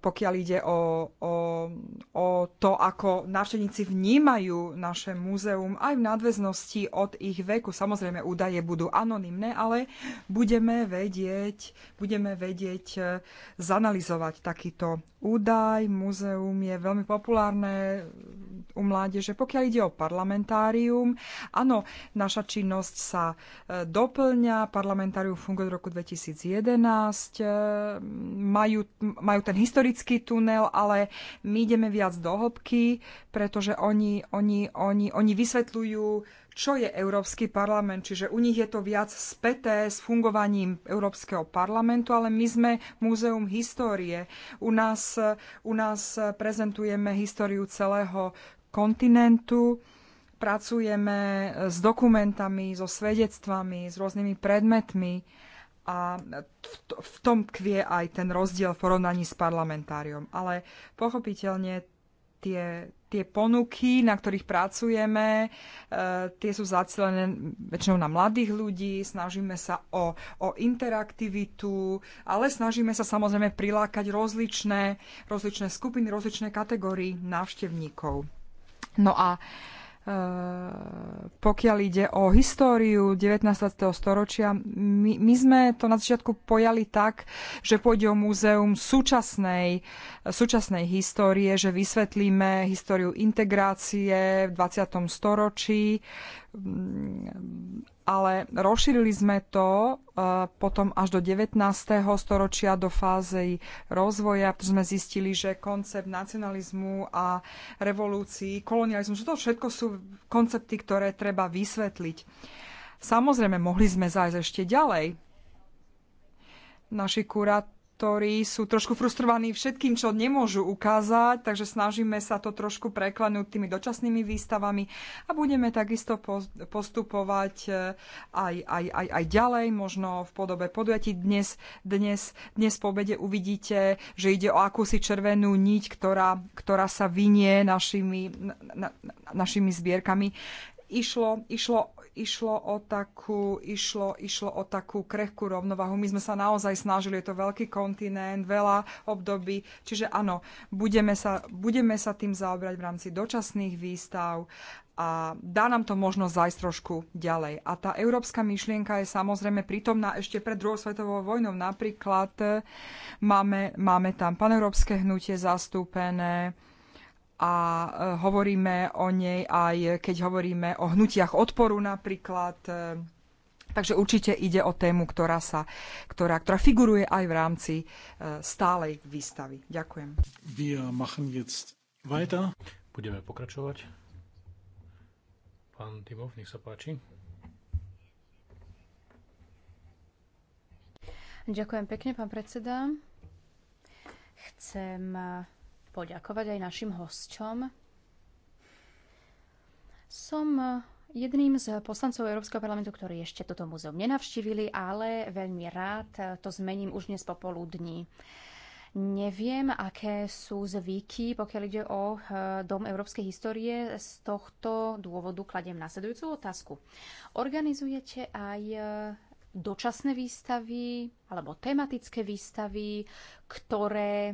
pokiaľ ide o, o, o to, ako návštevníci vnímajú naše múzeum aj v nadväznosti od ich veku. Samozrejme, údaje budú anonymné, ale budeme vedieť, budeme vedieť zanalizovať takýto údaj, múzeum je veľmi populárne u mládeže. Pokiaľ ide o parlamentárium, áno, naša činnosť sa e, doplňa, parlamentárium funguje od roku 2011, e, majú, majú ten historický tunel, ale my ideme viac do hĺbky, pretože oni, oni, oni, oni vysvetľujú čo je Európsky parlament. Čiže u nich je to viac späté s fungovaním Európskeho parlamentu, ale my sme múzeum histórie. U nás, u nás prezentujeme históriu celého kontinentu pracujeme s dokumentami, so svedectvami, s rôznymi predmetmi a v tom kvie aj ten rozdiel v porovnaní s parlamentáriom. Ale pochopiteľne tie, tie ponuky, na ktorých pracujeme, e, tie sú zacelené väčšinou na mladých ľudí, snažíme sa o, o interaktivitu, ale snažíme sa samozrejme prilákať rozličné, rozličné skupiny, rozličné kategórii návštevníkov. No a e, Eh, pokiaľ ide o históriu 19. storočia, my, my sme to na začiatku pojali tak, že pôjde o múzeum súčasnej, súčasnej histórie, že vysvetlíme históriu integrácie v 20. storočí mm, ale rozšírili sme to e, potom až do 19. storočia do fázy rozvoja, pretože sme zistili, že koncept nacionalizmu a revolúcií, kolonializmu, že to všetko sú koncepty, ktoré treba vysvetliť. Samozrejme, mohli sme zájsť ešte ďalej. Naši kurát ktorí sú trošku frustrovaní všetkým, čo nemôžu ukázať, takže snažíme sa to trošku preklenúť tými dočasnými výstavami a budeme takisto postupovať e, aj, aj, aj, aj ďalej, možno v podobe podujatí. Dnes, dnes, dnes po obede uvidíte, že ide o akúsi červenú niť, ktorá, ktorá sa vynie našimi, na, na, našimi zbierkami. Išlo, išlo išlo o takú, išlo, išlo o takú krehkú rovnovahu. My sme sa naozaj snažili, je to veľký kontinent, veľa období, čiže áno, budeme sa, budeme sa tým zaobrať v rámci dočasných výstav a dá nám to možnosť zajsť trošku ďalej. A tá európska myšlienka je samozrejme prítomná ešte pred druhou svetovou vojnou. Napríklad eh, máme, máme tam paneurópske hnutie zastúpené, a e, hovoríme o nej aj keď hovoríme o hnutiach odporu napríklad. E, takže určite ide o tému, ktorá, sa, ktorá, ktorá figuruje aj v rámci e, stálej výstavy. Ďakujem. Budeme pokračovať. Pán Dimov, nech sa páči. Ďakujem pekne, pán predseda. Chcem poďakovať aj našim hosťom. Som jedným z poslancov Európskeho parlamentu, ktorí ešte toto muzeum nenavštívili, ale veľmi rád to zmením už dnes popoludní. Neviem, aké sú zvyky, pokiaľ ide o eh, Dom európskej histórie. Z tohto dôvodu kladiem nasledujúcu otázku. Organizujete aj eh, dočasné výstavy alebo tematické výstavy, ktoré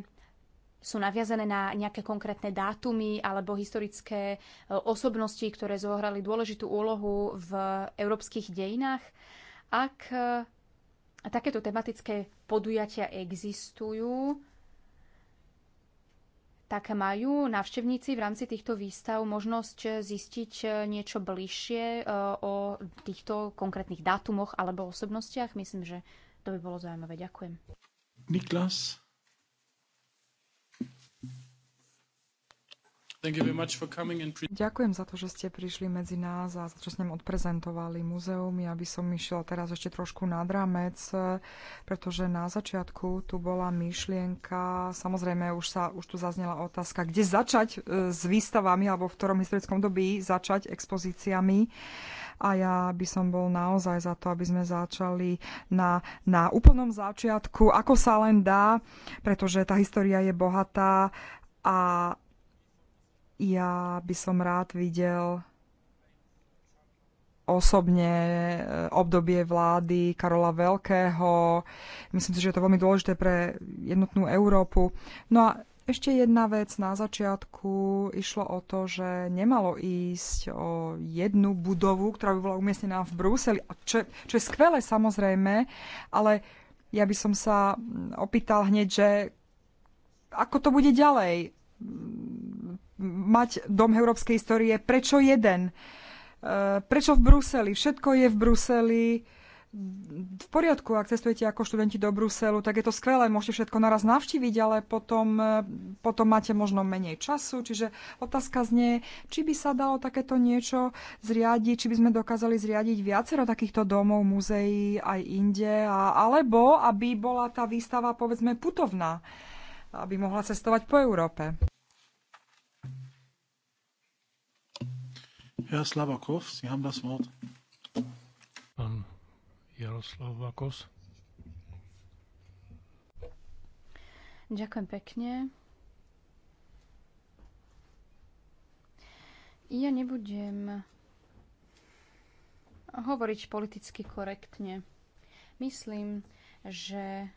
sú naviazané na nejaké konkrétne dátumy alebo historické e, osobnosti, ktoré zohrali dôležitú úlohu v európskych dejinách. Ak e, takéto tematické podujatia existujú, tak majú návštevníci v rámci týchto výstav možnosť zistiť e, niečo bližšie o týchto konkrétnych dátumoch alebo osobnostiach. Myslím, že to by bolo zaujímavé. Ďakujem. Niklas. Ďakujem za to, že ste prišli medzi nás a za to, že ste nám odprezentovali muzeum. Ja by som išla teraz ešte trošku nad rámec, pretože na začiatku tu bola myšlienka, samozrejme už, sa, už tu zaznela otázka, kde začať e, s výstavami alebo v ktorom historickom dobí začať expozíciami. A ja by som bol naozaj za to, aby sme začali na, na úplnom začiatku, ako sa len dá, pretože tá história je bohatá a ja by som rád videl osobne eh, obdobie vlády Karola Veľkého. Myslím si, že je to veľmi dôležité pre jednotnú Európu. No a ešte jedna vec na začiatku išlo o to, že nemalo ísť o jednu budovu, ktorá by bola umiestnená v Bruseli, čo, čo je skvelé samozrejme, ale ja by som sa mm, opýtal hneď, že ako to bude ďalej? mať Dom európskej histórie. Prečo jeden? E, prečo v Bruseli? Všetko je v Bruseli. V poriadku, ak cestujete ako študenti do Bruselu, tak je to skvelé, môžete všetko naraz navštíviť, ale potom, e, potom máte možno menej času. Čiže otázka znie, či by sa dalo takéto niečo zriadiť, či by sme dokázali zriadiť viacero takýchto domov, muzeí aj inde, a, alebo aby bola tá výstava povedzme putovná, aby mohla cestovať po Európe. Herr Slavakov, Sie haben das Wort. Jaroslav Vakos. Ďakujem pekne. Ja nebudem hovoriť politicky korektne. Myslím, že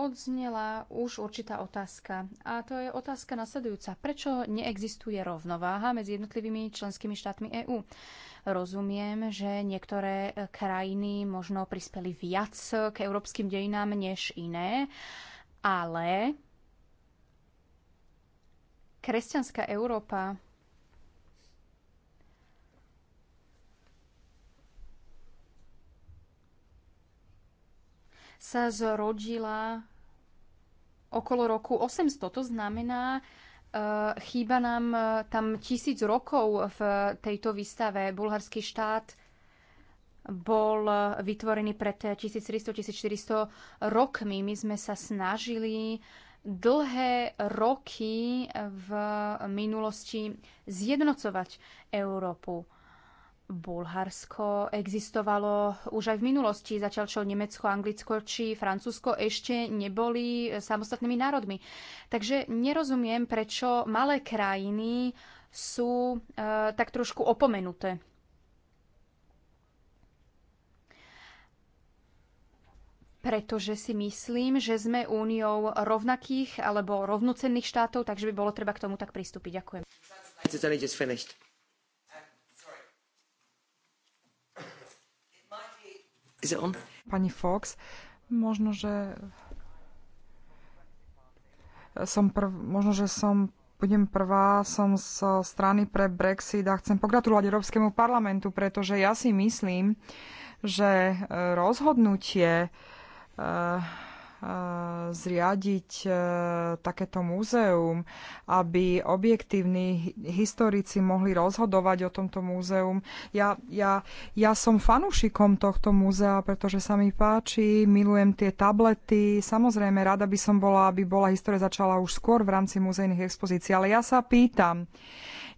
odznela už určitá otázka. A to je otázka nasledujúca. Prečo neexistuje rovnováha medzi jednotlivými členskými štátmi EÚ? Rozumiem, že niektoré krajiny možno prispeli viac k európskym dejinám než iné, ale kresťanská Európa sa zrodila okolo roku 800. To znamená, eh, chýba nám eh, tam tisíc rokov v tejto výstave. Bulharský štát bol eh, vytvorený pred 1300-1400 rokmi. My sme sa snažili dlhé roky v minulosti zjednocovať Európu Bulharsko existovalo už aj v minulosti, začal čo Nemecko, Anglicko či Francúzsko ešte neboli samostatnými národmi. Takže nerozumiem, prečo malé krajiny sú e, tak trošku opomenuté. Pretože si myslím, že sme úniou rovnakých alebo rovnocenných štátov, takže by bolo treba k tomu tak pristúpiť. Ďakujem. Is it on? Pani Fox, možno, že som prv, možno, že som budem prvá, som z strany pre Brexit a chcem pogratulovať Európskemu parlamentu, pretože ja si myslím, že eh, rozhodnutie eh, Eh, zriadiť eh, takéto múzeum, aby objektívni historici mohli rozhodovať o tomto múzeum. Ja, ja, ja som fanúšikom tohto múzea, pretože sa mi páči, milujem tie tablety. Samozrejme, rada by som bola, aby bola história začala už skôr v rámci muzejných expozícií. Ale ja sa pýtam,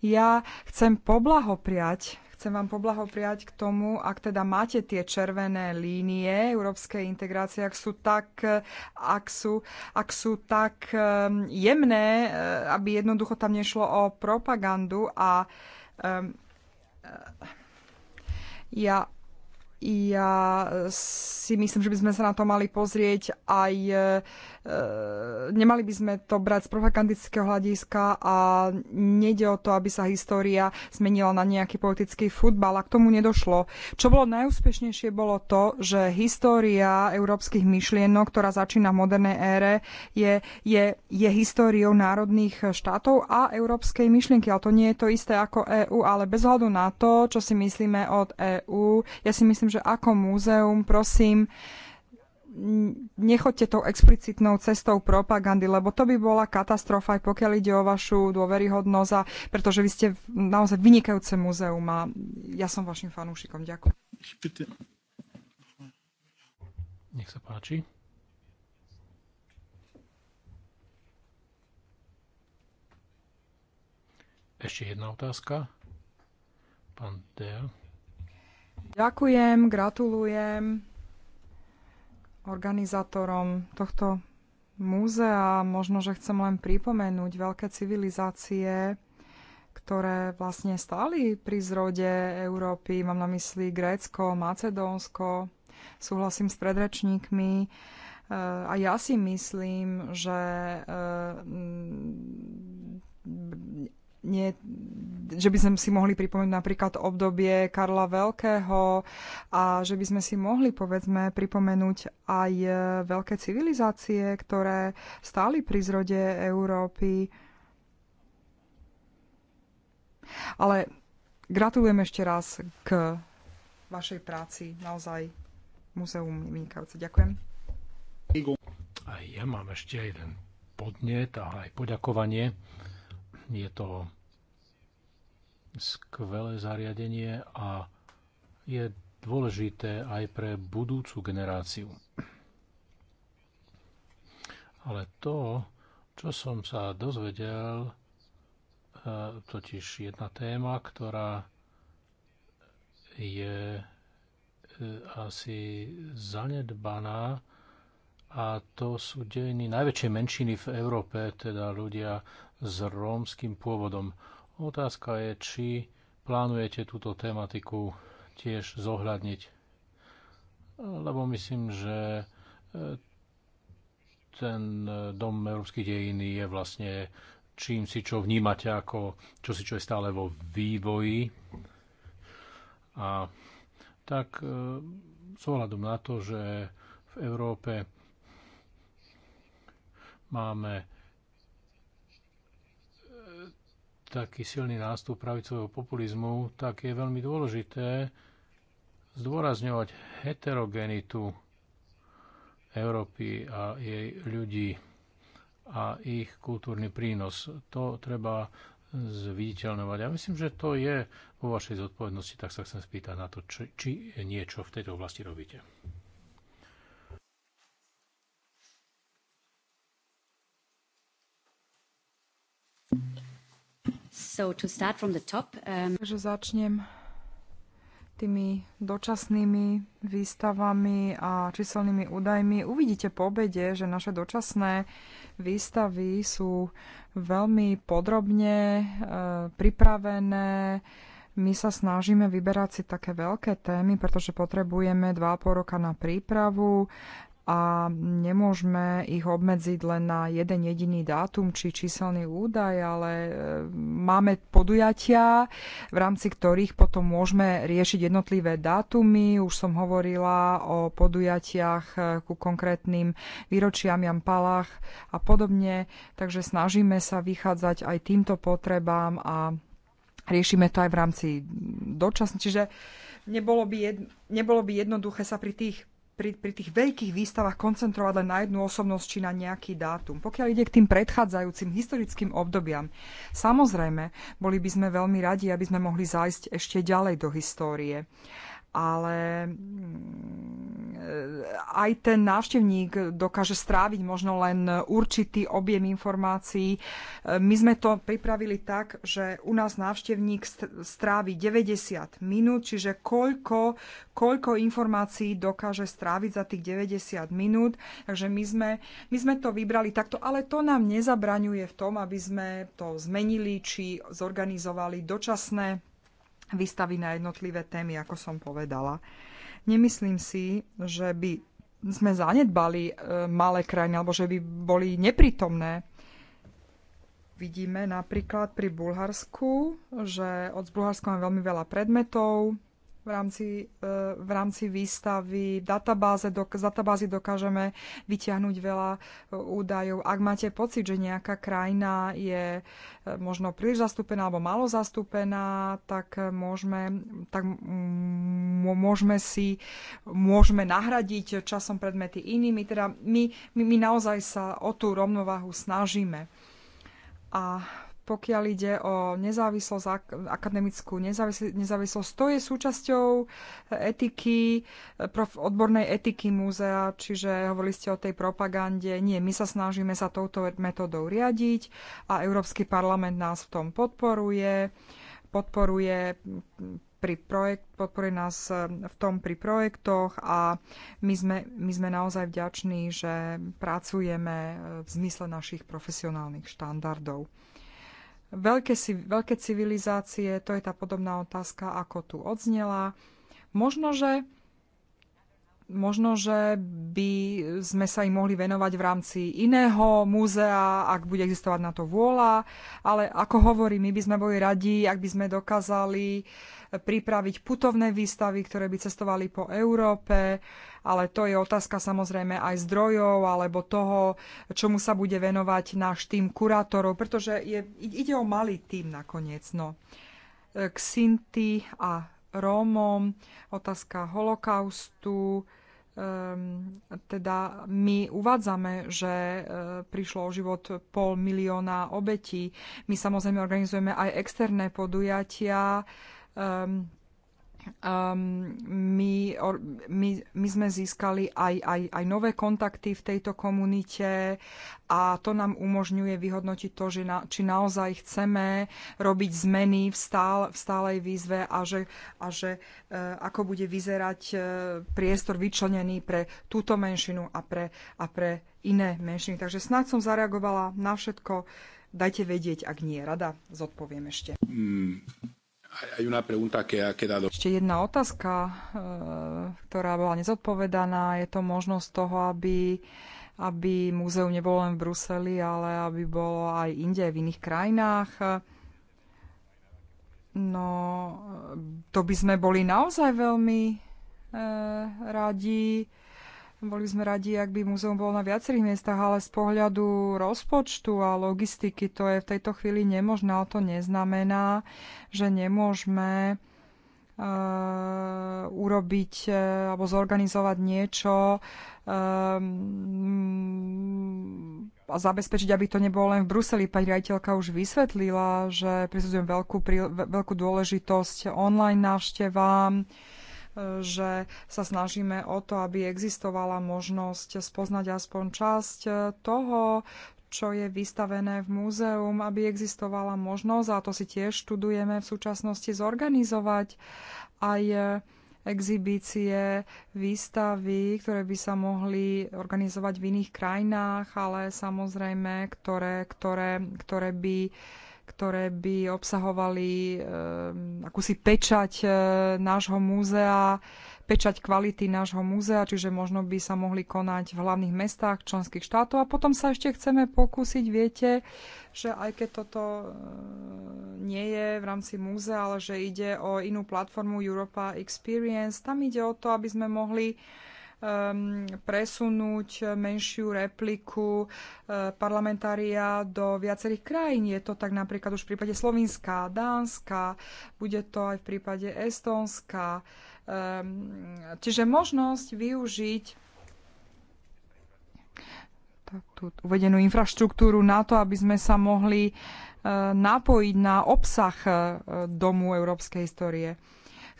ja chcem poblahopriať chcem vám poblahopriať k tomu, ak teda máte tie červené línie európskej integrácie, ak sú tak, ak sú, ak sú tak ehm, jemné, eh, aby jednoducho tam nešlo o propagandu a um, ja ja si myslím, že by sme sa na to mali pozrieť aj eh, E, nemali by sme to brať z propagandického hľadiska a nejde o to, aby sa história zmenila na nejaký politický futbal a k tomu nedošlo. Čo bolo najúspešnejšie bolo to, že história európskych myšlienok, ktorá začína v modernej ére, je, je, je históriou národných štátov a európskej myšlienky, ale to nie je to isté ako EÚ, ale bez hľadu na to, čo si myslíme od EÚ, ja si myslím, že ako múzeum, prosím, nechoďte tou explicitnou cestou propagandy, lebo to by bola katastrofa, aj pokiaľ ide o vašu dôveryhodnosť, a pretože vy ste naozaj vynikajúce muzeum a ja som vašim fanúšikom. Ďakujem. Nech sa páči. Ešte jedna otázka. Pán Dea. Ďakujem, gratulujem organizátorom tohto múzea. Možno, že chcem len pripomenúť veľké civilizácie, ktoré vlastne stáli pri zrode Európy. Mám na mysli Grécko, Macedónsko. Súhlasím s predrečníkmi. E, a ja si myslím, že e, nie, že by sme si mohli pripomenúť napríklad obdobie Karla Veľkého a že by sme si mohli, povedzme, pripomenúť aj e, veľké civilizácie, ktoré stáli pri zrode Európy. Ale gratulujem ešte raz k vašej práci. Naozaj muzeum vynikajúce. Ďakujem. A ja mám ešte jeden podnet a aj poďakovanie je to skvelé zariadenie a je dôležité aj pre budúcu generáciu. Ale to, čo som sa dozvedel, e, totiž jedna téma, ktorá je e, asi zanedbaná a to sú dejiny najväčšej menšiny v Európe, teda ľudia s rómskym pôvodom. Otázka je, či plánujete túto tematiku tiež zohľadniť. Lebo myslím, že e, ten dom európskych dejín je vlastne čím si čo vnímate ako čo si čo je stále vo vývoji. A tak e, s ohľadom na to, že v Európe máme taký silný nástup pravicového populizmu, tak je veľmi dôležité zdôrazňovať heterogenitu Európy a jej ľudí a ich kultúrny prínos. To treba zviditeľňovať. Ja myslím, že to je vo vašej zodpovednosti, tak sa chcem spýtať na to, či, či niečo v tejto oblasti robíte. So to start from the top, um... Takže začnem tými dočasnými výstavami a číselnými údajmi. Uvidíte po obede, že naše dočasné výstavy sú veľmi podrobne e, pripravené. My sa snažíme vyberať si také veľké témy, pretože potrebujeme 2,5 roka na prípravu a nemôžeme ich obmedziť len na jeden jediný dátum či číselný údaj, ale e, máme podujatia, v rámci ktorých potom môžeme riešiť jednotlivé dátumy. Už som hovorila o podujatiach e, ku konkrétnym výročiam Jan Palach a podobne. Takže snažíme sa vychádzať aj týmto potrebám a riešime to aj v rámci dočasných. Čiže nebolo by, jed, nebolo by jednoduché sa pri tých pri, pri tých veľkých výstavách koncentrovať len na jednu osobnosť či na nejaký dátum. Pokiaľ ide k tým predchádzajúcim historickým obdobiam, samozrejme, boli by sme veľmi radi, aby sme mohli zájsť ešte ďalej do histórie ale mm, aj ten návštevník dokáže stráviť možno len určitý objem informácií. My sme to pripravili tak, že u nás návštevník strávi 90 minút, čiže koľko, koľko informácií dokáže stráviť za tých 90 minút. Takže my sme, my sme to vybrali takto, ale to nám nezabraňuje v tom, aby sme to zmenili či zorganizovali dočasné výstavy na jednotlivé témy, ako som povedala. Nemyslím si, že by sme zanedbali e, malé krajiny alebo že by boli neprítomné. Vidíme napríklad pri Bulharsku, že od Bulharska máme veľmi veľa predmetov, v rámci, eh, v rámci výstavy, databáze, z databázy dokážeme vyťahnuť veľa eh, údajov. Ak máte pocit, že nejaká krajina je eh, možno príliš zastúpená alebo malo zastúpená, tak môžeme, tak mm, môžeme si môžeme nahradiť časom predmety inými. Teda my, my, my naozaj sa o tú rovnováhu snažíme. A pokiaľ ide o nezávislosť, akademickú nezávislosť, nezávislosť, to je súčasťou eh, etiky, eh, odbornej etiky múzea, čiže hovorili ste o tej propagande. Nie, my sa snažíme sa touto metodou riadiť a Európsky parlament nás v tom podporuje, podporuje pri projekt, podporuje nás eh, v tom pri projektoch a my sme, my sme naozaj vďační, že pracujeme v zmysle našich profesionálnych štandardov. Veľké, veľké civilizácie, to je tá podobná otázka, ako tu odznela. Možno, že možno, že by sme sa im mohli venovať v rámci iného múzea, ak bude existovať na to vôľa, ale ako hovorím, my by sme boli radi, ak by sme dokázali pripraviť putovné výstavy, ktoré by cestovali po Európe, ale to je otázka samozrejme aj zdrojov alebo toho, čomu sa bude venovať náš tým kurátorov, pretože je, ide o malý tým nakoniec. No. K a Rómom, otázka holokaustu, Ehm, teda my uvádzame, že eh, prišlo o život pol milióna obetí. My samozrejme organizujeme aj externé podujatia, um, Um, my, or, my, my sme získali aj, aj, aj nové kontakty v tejto komunite a to nám umožňuje vyhodnotiť to, že na, či naozaj chceme robiť zmeny v, stál, v stálej výzve a že, a že e, ako bude vyzerať e, priestor vyčlenený pre túto menšinu a pre, a pre iné menšiny. Takže snáď som zareagovala na všetko. Dajte vedieť, ak nie. Rada zodpoviem ešte. Mm. Ešte jedna otázka, e, ktorá bola nezodpovedaná. Je to možnosť toho, aby, aby múzeum nebolo len v Bruseli, ale aby bolo aj inde, v iných krajinách. No, e, to by sme boli naozaj veľmi e, radi. Boli sme radi, ak by múzeum bolo na viacerých miestach, ale z pohľadu rozpočtu a logistiky to je v tejto chvíli nemožné, ale to neznamená, že nemôžeme Uh, urobiť uh, alebo zorganizovať niečo um, a zabezpečiť, aby to nebolo len v Bruseli. Pani rejiteľka už vysvetlila, že prisudzujem veľkú, veľkú dôležitosť online návštevám že sa snažíme o to, aby existovala možnosť spoznať aspoň časť toho, čo je vystavené v múzeum, aby existovala možnosť, a to si tiež študujeme v súčasnosti, zorganizovať aj exibície, výstavy, ktoré by sa mohli organizovať v iných krajinách, ale samozrejme, ktoré, ktoré, ktoré by ktoré by obsahovali ehm, akúsi pečať e, nášho múzea, pečať kvality nášho múzea, čiže možno by sa mohli konať v hlavných mestách členských štátov a potom sa ešte chceme pokúsiť, viete, že aj keď toto e, nie je v rámci múzea, ale že ide o inú platformu Europa Experience, tam ide o to, aby sme mohli uh, Um, presunúť menšiu repliku uh, parlamentária do viacerých krajín. Je to tak napríklad už v prípade Slovinska, Dánska, bude to aj v prípade Estónska. Um, čiže možnosť využiť tú uvedenú infraštruktúru na to, aby sme sa mohli uh, napojiť na obsah uh, Domu európskej histórie.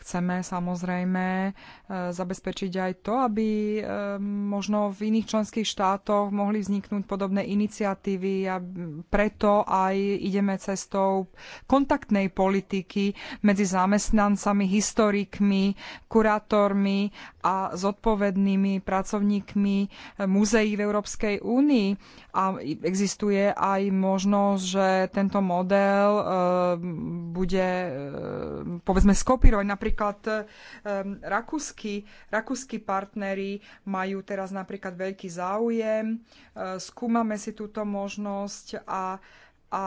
Chceme samozrejme e, zabezpečiť aj to, aby e, možno v iných členských štátoch mohli vzniknúť podobné iniciatívy a preto aj ideme cestou kontaktnej politiky medzi zamestnancami, historikmi, kurátormi a zodpovednými pracovníkmi e, múzeí v Európskej únii. A existuje aj možnosť, že tento model bude povedzme skopírovať napríklad Napríklad e, rakúsky, rakúsky partneri majú teraz napríklad veľký záujem, e, skúmame si túto možnosť a, a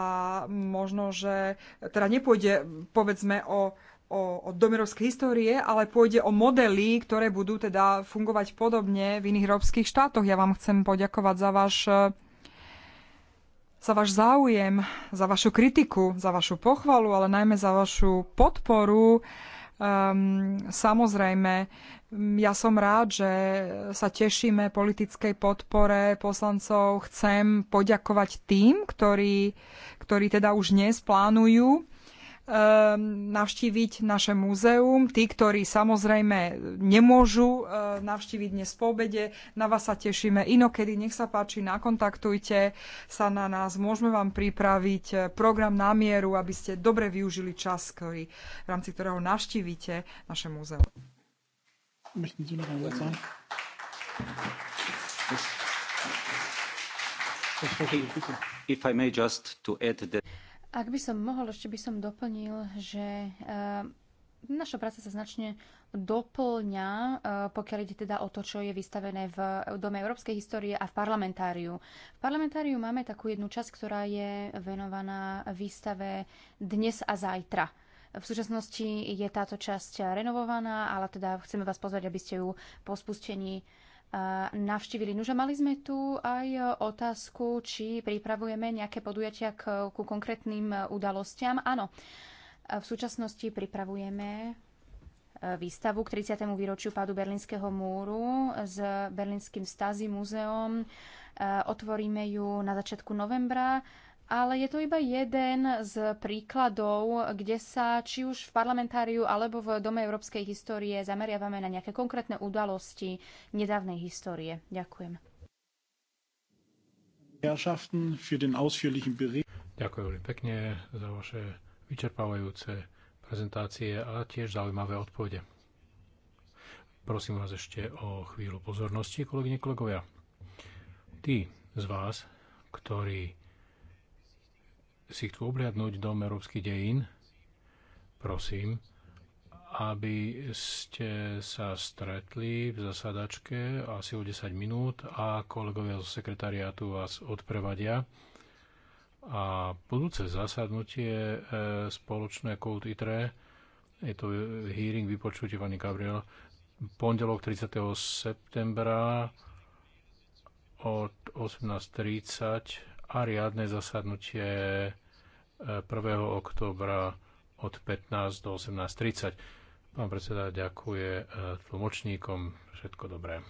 možno, že teda nepôjde povedzme o o, o domerovskej histórie, ale pôjde o modely, ktoré budú teda fungovať podobne v iných európskych štátoch. Ja vám chcem poďakovať za váš e, za váš záujem, za vašu kritiku, za vašu pochvalu, ale najmä za vašu podporu Um, samozrejme, ja som rád, že sa tešíme politickej podpore poslancov. Chcem poďakovať tým, ktorí, ktorí teda už dnes plánujú Ehm, navštíviť naše múzeum. Tí, ktorí samozrejme nemôžu ehm, navštíviť dnes po obede, na vás sa tešíme inokedy. Nech sa páči, nakontaktujte sa na nás. Môžeme vám pripraviť eh, program na mieru, aby ste dobre využili čas, ktorý, v rámci ktorého navštívite naše múzeum. If I may just to add that ak by som mohol, ešte by som doplnil, že e, naša práca sa značne doplňa, e, pokiaľ ide teda o to, čo je vystavené v Dome európskej histórie a v parlamentáriu. V parlamentáriu máme takú jednu časť, ktorá je venovaná výstave dnes a zajtra. V súčasnosti je táto časť renovovaná, ale teda chceme vás pozvať, aby ste ju po spustení navštívili. Nože mali sme tu aj otázku, či pripravujeme nejaké podujatia k, ku konkrétnym e, udalostiam. Áno, e, v súčasnosti pripravujeme e, výstavu k 30. výročiu pádu Berlínskeho múru s Berlínským Stazím múzeom. Otvoríme ju na začiatku novembra ale je to iba jeden z príkladov, kde sa či už v parlamentáriu alebo v Dome európskej histórie zameriavame na nejaké konkrétne udalosti nedávnej histórie. Ďakujem. Ďakujem veľmi pekne za vaše vyčerpávajúce prezentácie a tiež zaujímavé odpovede. Prosím vás ešte o chvíľu pozornosti, kolegyne, kolegovia. Tí z vás, ktorí si chcú obliadnúť dom európskych dejín, prosím, aby ste sa stretli v zasadačke asi o 10 minút a kolegovia zo sekretariátu vás odprevadia. A budúce zasadnutie e, spoločné Kult ITRE, je to hearing vypočutie pani Gabriel, pondelok 30. septembra od 18.30 a riadne zasadnutie 1. E, oktobra od 15 do 18.30. Pán predseda, ďakuje e, tlmočníkom. Všetko dobré.